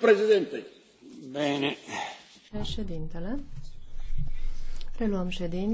președinte. Bine. Președintele. Reluăm ședința.